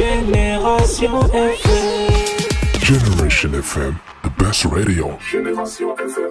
Génération FM. Generation FM, the best radio. Génération FM.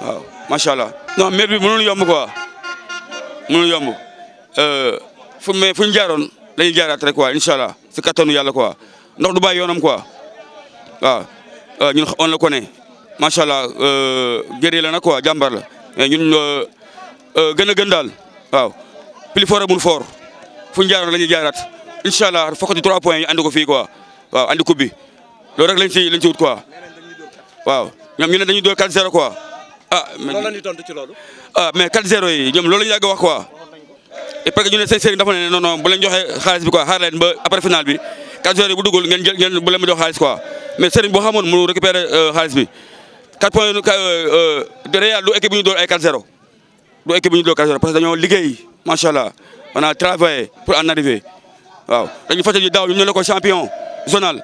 waaw macha allah non maire bi mënul yomb quoi mënul yomb euh, fu mais fu ñu jaaroon dañuy jaaraat rek quoi allah si kattanu yàlla quoi ndox du bàyyi yoonam quoi waaw euh, ñun on la connaît macha allah euh, guerrier la nag quoi jàmbar la mais ñun gën a gën daal waaw plus fort amul fort fu ñu jaaroon dañuy jaaraat incha allah fokkati trois points andi ko fii quoi waaw andi coupe bi loolu rek lañ si lañ si wut quoi waaw ñoom ñu ne dañuy doon 4-0 ah man loolu la ah, mais 4-0 yi ñoom loolu ñu yàgg wax quoi. parce que ñu ne seen sëriñ dafa ne non bu leen joxee xaalis bi quoi xaar leen ba après final bi 4-0 yi bu duggul ngeen bu leen jox xaalis quoi mais sëriñ boo xamoon mu récupérer euh, xaalis bi 4 points euh, euh, Real du équipe bu ñu doon ay 4-0 du équipe ñu doon 4-0 parce que dañoo liggéey macha allah on a travaillé pour en arriver waaw dañu fàttali ñu daaw ñu ne la ko champion zonal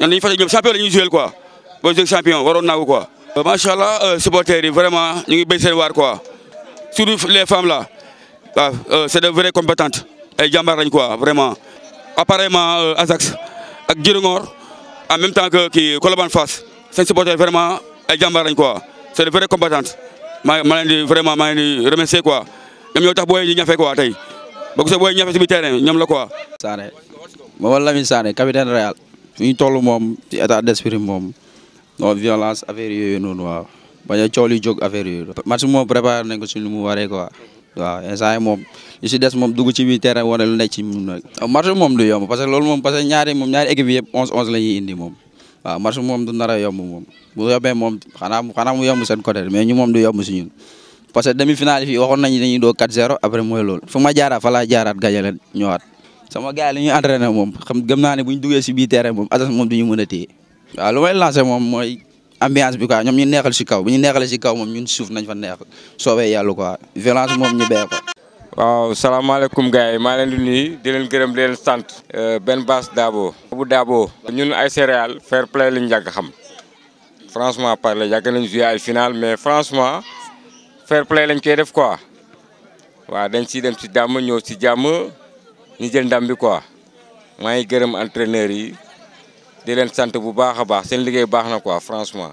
ñoom dañuy fàttali boo joué champion waroon naa ko quoi. Euh, macha allah euh, supporters yi vraiment ñu ngi béy seen waar quoi surtout les femmes là waaw euh, c'est de vraies compétentes ay jàmbaar lañ quoi vraiment. apparemment euh, Ajax ak Girongor en même temps que kii Face, c'est seen supporters vraiment ay jàmbaar lañ quoi C'est est de vraies compétentes maa ma leen di vraiment maa leen di remercier quoi ñoom ñoo tax booy ñu ñafe quoi tey boo gisee booy ñafe si biir terrain ñoom la quoi. Sané Mamadou Lamine Sané capitaine Real fi ñu toll moom ci état d' esprit non violence affaire yooyu noonu waaw bañ a coow li jóg affaire yooyu. match moom préparé nañ ko si lu mu waree quoi. waaw instant moom li si des moom dugg ci ah, du yomb moom parce a yomb moom bu xanaa mu yomb seen côté mais ñu moom du yomb si parce que demi-finale fii waxoon nañu dañuy doo 4-0 après mooy loolu fu ma jaaraat fa laa jaaraat gajale sama gars yi moom xam naa ne bu ñu duggee si biir moom adas moom du ñu mën a téye waaw lu may lancé moom mooy ambiance bi quoi ñoom ñu neexal si kaw bu ñu neexalee si kaw moom ñun suuf nañ fa neex soobee yàlla quoi violence moom ñu bee ko. waaw salaamaaleykum gars yi maa leen di nuyu di leen gërëm leen sant. Euh, benn baas Dabo. bu Dabo. ñun ay céréales fair play lañ yàgg xam franchement parler yàgg nañ joué ay final mais francement fair play lañ koy def quoi waaw dañ siy dem si jàmm ñëw si jàmm ñu jël ndam bi quoi maa ngi gërëm entraîneur yi. di leen sant bu baax a baax seen liggéey baax na quoi franchement.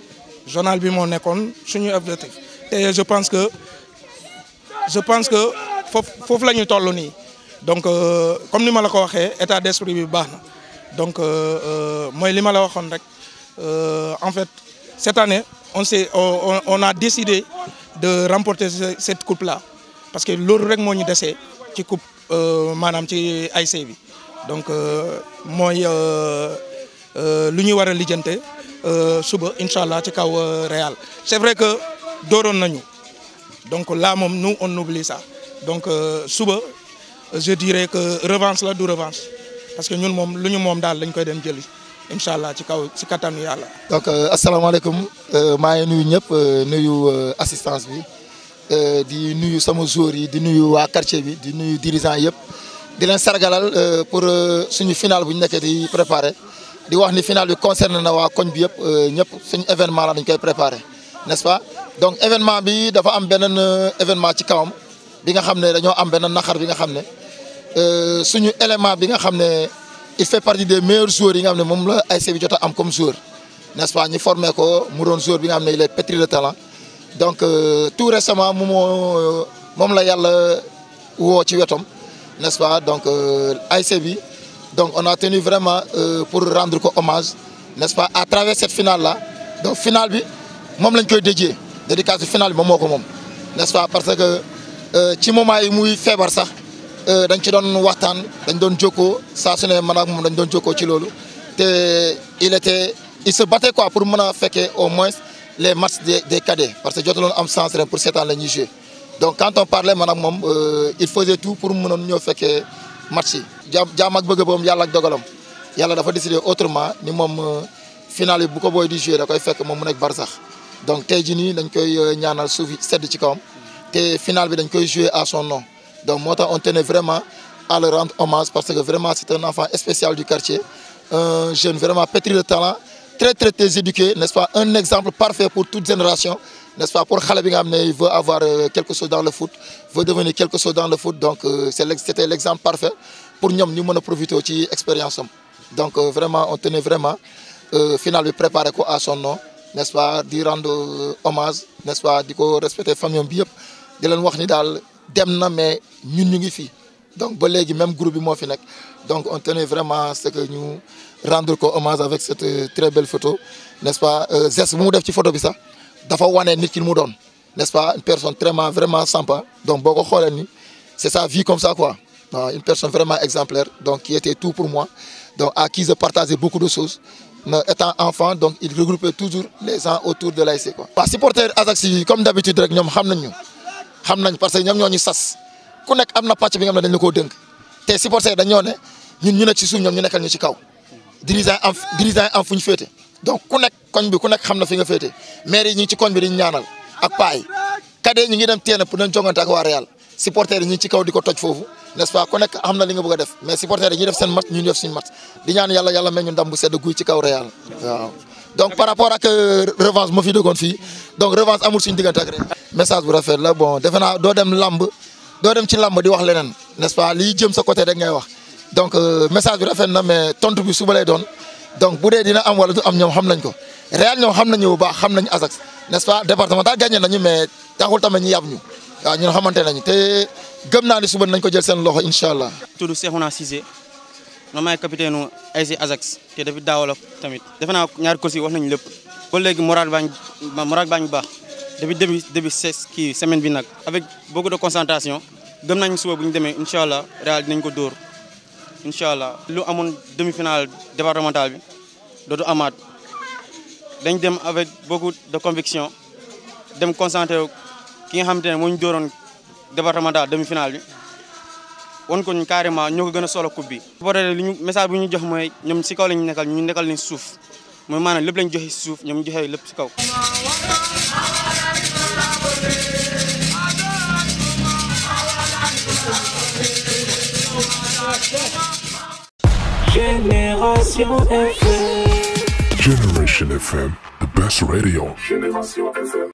journal bi mo nekkone suñu objectif et je pense que je pense que fof lañu la ni donc euh, comme ni mala ko waxé état d'esprit bi baax donc donc euh, euh, moy li mala waxone rek euh en fait cette année on s'est on, on a décidé de remporter cette coupe là parce que loolu rek moo ñu desee ci coupe manam ci ASC bi donc mooy euh ñuy war a lijjante Euh, suba inshallah ci kaw euh, Real c'est vrai que doron nañu donc là mom nous on oublie ça donc euh, suba je dirais que revanche la du revanche parce que ñun mom luñu mom dal lañ koy dem jël inshallah ci kaw ci katam yalla donc assalamu alaykum ma ngi nuyu ñep nuyu assistance bi di nuyu sama joueurs yi di nuyu wa quartier bi di nuyu dirigeant yëpp. de leen sargalal euh, pour euh, suñu final buñu ñu di préparer di wax ni final bi concerne na wa koñ bi yëpp euh, ñëpp suñu événement la dañ koy préparer n'est-ce pas donc événement bi dafa am benen événement ci kawam bi nga xamné dañu am benen naxar bi nga xamné euh suñu élément bi nga xamné il fait partie des meilleurs joueurs yi nga xamné mom la ASC bi jotta am comme joueur n'est-ce pas ñi formé ko mu doon joueur bi nga xamné il est pétri de talent donc tout récemment mom moo la yalla wo ci wétom n'est-ce pas donc euh, ASC e donc on a tenu vraiment euh, pour rendre hommage n'est-ce pas à travers cette finale là donc finale bi moom lañ koy dédié dédicace finale moi je n'est-ce pas parce que euh, ci moment yi muy ça, sax dañ ci watan waxtaan dañ doon jokkoo ça c'est ne man ak joko dañ il était il se battait quoi pour mën a au moins les matchs des cadets parce que jotaloon am sens pour sept ans la jouer donc quand on parlait man mom euh, il faisait tout pour mënoon ñëw fekkee match yi. ja ak bëgg boom yalla ak dogalom yalla dafa décidé autrement ni mom euh, final bu ko boy di jouer da koy fekk mom mu nek Barça. donc tey ni nii dañ koy euh, ñaanal soufi sedd ci kawam té final bi dañ koy jouer à son nom donc moi, on tenait vraiment à le rendre hommage parce que vraiment c'est un enfant spécial du quartier un jeune vraiment pétri de talent très très très éduqué n'est-ce pas un exemple parfait pour toute génération n'est-ce pas, pour Khaled il veut avoir euh, quelque chose dans le foot, veut devenir quelque chose dans le foot. Donc, euh, c'était l'exemple parfait pour nous, nous avons profiter de l'expérience. Donc, euh, vraiment, on tenait vraiment, euh, finalement, préparer à son nom, n'est-ce pas, d'y rendre hommage, n'est-ce pas, de respecter la famille, de leur dire que dem na mais ñun ñu ngi donc ba léegi même groupe bi moo donc on tenait vraiment ce que ñu rendre hommage avec cette très belle photo n'est-ce pas geste bu mu def ci photo bi ça dafa wane nit ki mu doon n'est-ce pas une personne vraiment vraiment sympa donc boo ko c'est sa vie comme ça quoi ah, une personne vraiment exemplaire donc qui était tout pour moi donc à qui je partageais beaucoup de choses Mais étant enfant donc il regroupait toujours les gens autour de l'ASC quoi. supporter Ajax comme d'habitude rek ñoom xam nañ parce que sont ñoo sass. sas ku nekk am na bi nga ne dañ la koo dënk te supporter dañoo ne ñun ñu nekk ci suuf ñoom ñu nekkal ñu ci kaw dirigeant am dirigeant am donc ku nek koñ bi ku nek xamna fi nga fété maire yi ñu ci koñ bi di ñaanal ak paay kadee ñi ngi dem teena pour nañ jongante ak wa Real supporters yi ñi ci kaw di toj fofu n'est-ce pas ku nek xam li nga bëgg def mais supporters yi def seen mat ñu def sen mat di ñaan yalla yalla may ñu ndam bu sédd guuy ci kaw Real waaw donc par rapport ak euh, revanche mo fi dogon fi donc revanche amul suñu diggante ak Real message bu rafet la bon defena do dem lamb do dem ci lamb di wax lenen n'est-ce pas li jëm sa côté rek ngay wax donc euh, message bi rafet na mais tontu bi suba lay don donc bu dee dina am wala am ñoom xam nañ ko Real ñoom xam nañu bu baax xam nañu Ajax n'est-ce pas départemental gagné nañu mais taxul tamit ñu yàb ñu waaw ñun xamante nañu te gëm naa ni suba nañ ko jël seen loxo incha allah. tudd Cheikhouna Cissé man maay capitaine nu ASC Ajax te depuis daaw la tamit defe naa ñaari course yi wax nañu lépp ba léegi moral baa ngi moral baa ngi baax depuis début début kii semaine bi nag avec beaucoup de concentration gëm nañu suba bu ñu demee incha allah Real dinañ ko dóor. incha allah lu amoon demi-finale départementale bi dootu amaat dañ dem avec beaucoup de conviction dem concentré ki nga xamante ne moo ñu dooroon départemental demi-finale bi won ko ñu carrément ñoo ko gën a solo coupe bi. ba pare li ñu message bu ñu jox mooy si kaw la ñu nekkal ñu nekkal leen suuf mooy maanaam lépp lañ joxe si suuf ñoom joxe lépp si kaw. Génération FM. Generation FM, the best radio. FM.